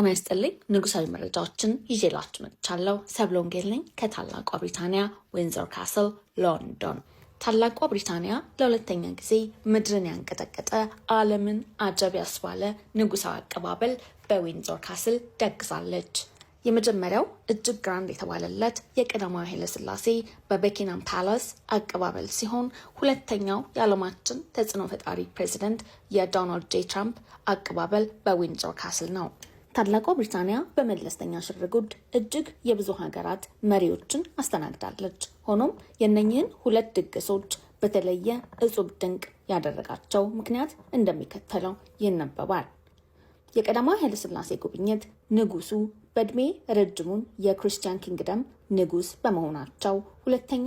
ጤና ይስጥልኝ። ንጉሳዊ መረጃዎችን ይዤላችሁ መጥቻለሁ። ሰብለ ወንጌል ነኝ ከታላቋ ብሪታንያ ዊንዘር ካስል ሎንዶን። ታላቋ ብሪታንያ ለሁለተኛ ጊዜ ምድርን ያንቀጠቀጠ ዓለምን አጀብ ያስባለ ንጉሳዊ አቀባበል በዊንዞር ካስል ደግዛለች። የመጀመሪያው እጅግ ግራንድ የተባለለት የቀዳማዊ ኃይለሥላሴ በበኪናም ፓላስ አቀባበል ሲሆን ሁለተኛው የዓለማችን ተጽዕኖ ፈጣሪ ፕሬዚደንት የዶናልድ ጄ ትራምፕ አቀባበል በዊንዞር ካስል ነው። ታላቋ ብሪታንያ በመለስተኛ ሽርጉድ እጅግ የብዙ ሀገራት መሪዎችን አስተናግዳለች። ሆኖም የነኝህን ሁለት ድግሶች በተለየ እጹብ ድንቅ ያደረጋቸው ምክንያት እንደሚከተለው ይነበባል። የቀዳማዊ ኃይለሥላሴ ጉብኝት ንጉሱ በእድሜ ረጅሙን የክርስቲያን ኪንግደም ንጉስ በመሆናቸው፣ ሁለተኛ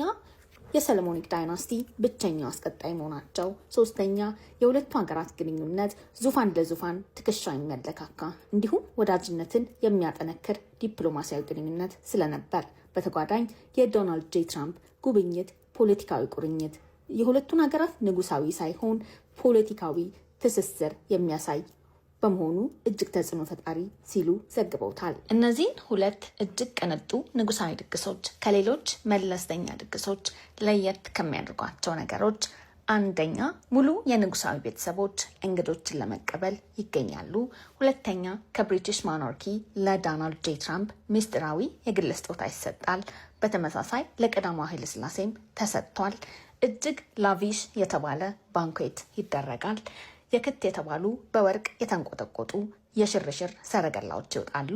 የሰለሞኒክ ዳይናስቲ ብቸኛው አስቀጣይ መሆናቸው፣ ሶስተኛ የሁለቱ ሀገራት ግንኙነት ዙፋን ለዙፋን ትከሻ የሚያለካካ እንዲሁም ወዳጅነትን የሚያጠነክር ዲፕሎማሲያዊ ግንኙነት ስለነበር በተጓዳኝ የዶናልድ ጄ ትራምፕ ጉብኝት ፖለቲካዊ ቁርኝት የሁለቱን ሀገራት ንጉሳዊ ሳይሆን ፖለቲካዊ ትስስር የሚያሳይ በመሆኑ እጅግ ተጽዕኖ ፈጣሪ ሲሉ ዘግበውታል። እነዚህን ሁለት እጅግ ቅንጡ ንጉሳዊ ድግሶች ከሌሎች መለስተኛ ድግሶች ለየት ከሚያደርጓቸው ነገሮች አንደኛ ሙሉ የንጉሳዊ ቤተሰቦች እንግዶችን ለመቀበል ይገኛሉ። ሁለተኛ ከብሪቲሽ ማኖርኪ ለዳናልድ ጄ ትራምፕ ምስጢራዊ የግል ስጦታ ይሰጣል። በተመሳሳይ ለቀዳማዊ ኃይለ ሥላሴም ተሰጥቷል። እጅግ ላቪሽ የተባለ ባንኩዌት ይደረጋል። የክት የተባሉ በወርቅ የተንቆጠቆጡ የሽርሽር ሰረገላዎች ይወጣሉ።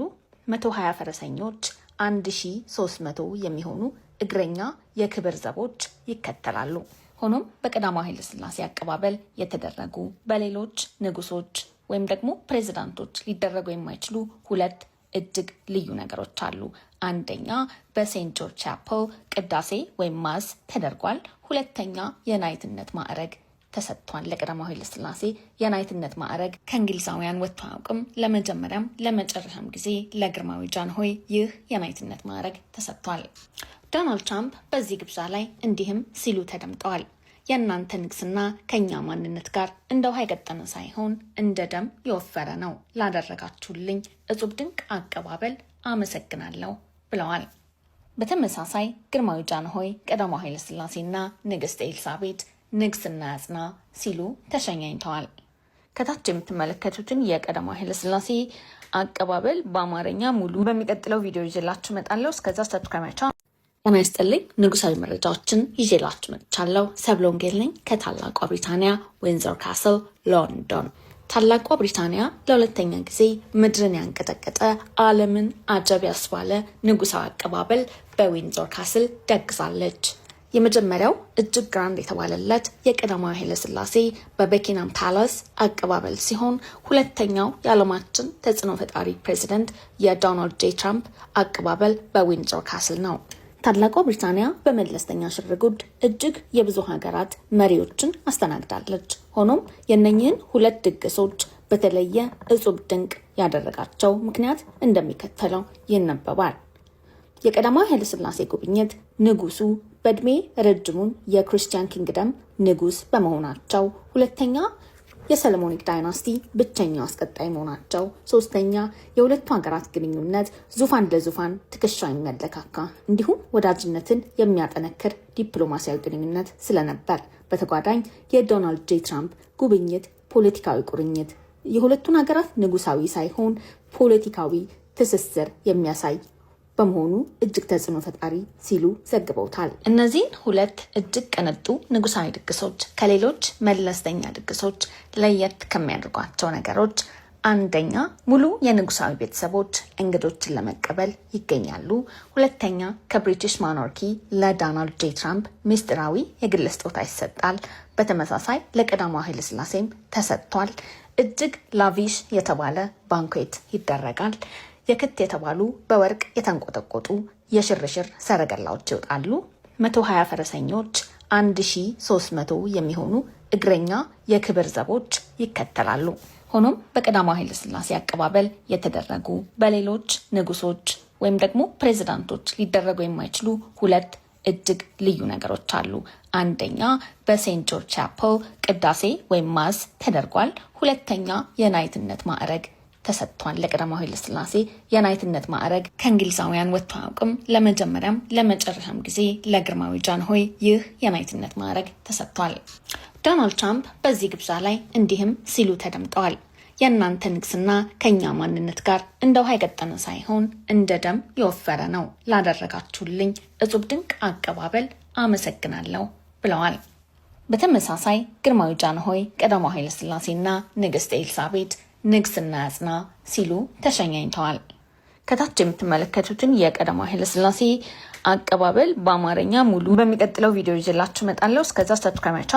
120 ፈረሰኞች፣ 1300 የሚሆኑ እግረኛ የክብር ዘቦች ይከተላሉ። ሆኖም በቀዳማዊ ኃይለ ሥላሴ አቀባበል የተደረጉ በሌሎች ንጉሶች ወይም ደግሞ ፕሬዚዳንቶች ሊደረጉ የማይችሉ ሁለት እጅግ ልዩ ነገሮች አሉ። አንደኛ በሴንት ጆርጅ ቻፕል ቅዳሴ ወይም ማስ ተደርጓል። ሁለተኛ የናይትነት ማዕረግ ተሰጥቷል። ለቀዳማዊ ኃይለ ሥላሴ የናይትነት ማዕረግ ከእንግሊዛውያን ወጥቶ አያውቅም። ለመጀመሪያም ለመጨረሻም ጊዜ ለግርማዊ ጃንሆይ ይህ የናይትነት ማዕረግ ተሰጥቷል። ዶናልድ ትራምፕ በዚህ ግብዣ ላይ እንዲህም ሲሉ ተደምጠዋል። የእናንተ ንግስና ከእኛ ማንነት ጋር እንደ ውሃ የቀጠነ ሳይሆን እንደ ደም የወፈረ ነው። ላደረጋችሁልኝ እጹብ ድንቅ አቀባበል አመሰግናለሁ ብለዋል። በተመሳሳይ ግርማዊ ጃንሆይ፣ ቀዳማዊ ኃይለሥላሴና ንግሥት ኤልሳቤት ንግስና ያጽና ሲሉ ተሸኛኝተዋል። ከታች የምትመለከቱትን የቀዳማዊ ኃይለሥላሴ አቀባበል በአማርኛ ሙሉ በሚቀጥለው ቪዲዮ ይዤላችሁ እመጣለሁ። እስከዛ ሰብስክራይባቻ ጤና ንጉሳዊ መረጃዎችን ይዤላችሁ መጥቻለሁ። ሰብሎንጌል ነኝ ከታላቋ ብሪታንያ ዊንዘር ካስል ሎንዶን። ታላቋ ብሪታንያ ለሁለተኛ ጊዜ ምድርን ያንቀጠቀጠ ዓለምን አጀብ ያስባለ ንጉሳዊ አቀባበል በዊንዞር ካስል ደግሳለች። የመጀመሪያው እጅግ ግራንድ የተባለለት የቀዳማዊ ኃይለሥላሴ በበኪናም ፓላስ አቀባበል ሲሆን ሁለተኛው የዓለማችን ተጽዕኖ ፈጣሪ ፕሬዚደንት የዶናልድ ጄ ትራምፕ አቀባበል በዊንድዞር ካስል ነው። ታላቋ ብሪታንያ በመለስተኛ ሽርጉድ እጅግ የብዙ ሀገራት መሪዎችን አስተናግዳለች። ሆኖም የነኝህን ሁለት ድግሶች በተለየ እጹብ ድንቅ ያደረጋቸው ምክንያት እንደሚከተለው ይነበባል። የቀዳማዊ ኃይለስላሴ ጉብኝት ንጉሱ በእድሜ ረጅሙን የክርስቲያን ኪንግደም ንጉስ በመሆናቸው፣ ሁለተኛ የሰለሞኒክ ዳይናስቲ ብቸኛው አስቀጣይ መሆናቸው፣ ሶስተኛ የሁለቱ ሀገራት ግንኙነት ዙፋን ለዙፋን ትከሻ የሚያለካካ እንዲሁም ወዳጅነትን የሚያጠነክር ዲፕሎማሲያዊ ግንኙነት ስለነበር፣ በተጓዳኝ የዶናልድ ጄ ትራምፕ ጉብኝት ፖለቲካዊ ቁርኝት የሁለቱን ሀገራት ንጉሳዊ ሳይሆን ፖለቲካዊ ትስስር የሚያሳይ በመሆኑ እጅግ ተጽዕኖ ፈጣሪ ሲሉ ዘግበውታል። እነዚህን ሁለት እጅግ ቅንጡ ንጉሳዊ ድግሶች ከሌሎች መለስተኛ ድግሶች ለየት ከሚያደርጓቸው ነገሮች አንደኛ ሙሉ የንጉሳዊ ቤተሰቦች እንግዶችን ለመቀበል ይገኛሉ። ሁለተኛ ከብሪቲሽ ማኖርኪ ለዳናልድ ጄ ትራምፕ ምስጢራዊ የግል ስጦታ ይሰጣል። በተመሳሳይ ለቀዳማዊ ኃይለ ሥላሴም ተሰጥቷል። እጅግ ላቪሽ የተባለ ባንኩዌት ይደረጋል። የክት የተባሉ በወርቅ የተንቆጠቆጡ የሽርሽር ሰረገላዎች ይወጣሉ። 120 ፈረሰኞች፣ 1300 የሚሆኑ እግረኛ የክብር ዘቦች ይከተላሉ። ሆኖም በቀዳማዊ ኃይለሥላሴ አቀባበል የተደረጉ በሌሎች ንጉሶች ወይም ደግሞ ፕሬዚዳንቶች ሊደረጉ የማይችሉ ሁለት እጅግ ልዩ ነገሮች አሉ። አንደኛ በሴንት ጆርጅ ቻፕል ቅዳሴ ወይም ማስ ተደርጓል። ሁለተኛ የናይትነት ማዕረግ ተሰጥቷል። ለቀዳማዊ ኃይለ ሥላሴ የናይትነት ማዕረግ ከእንግሊዛውያን ወጥቶ አያውቅም። ለመጀመሪያም ለመጨረሻም ጊዜ ለግርማዊ ጃንሆይ ይህ የናይትነት ማዕረግ ተሰጥቷል። ዶናልድ ትራምፕ በዚህ ግብዣ ላይ እንዲህም ሲሉ ተደምጠዋል። የእናንተ ንግስና ከእኛ ማንነት ጋር እንደ ውሃ የቀጠነ ሳይሆን እንደ ደም የወፈረ ነው። ላደረጋችሁልኝ እጹብ ድንቅ አቀባበል አመሰግናለሁ ብለዋል። በተመሳሳይ ግርማዊ ጃንሆይ፣ ቀዳማዊ ኃይለሥላሴና ንግስት ኤልሳቤት ንግስና ያጽና ሲሉ ተሸኛኝተዋል። ከታች የምትመለከቱትን የቀዳማዊ ኃይለሥላሴ አቀባበል በአማርኛ ሙሉ በሚቀጥለው ቪዲዮ ይዤላችሁ እመጣለሁ። እስከዛ ሰብስክራይብ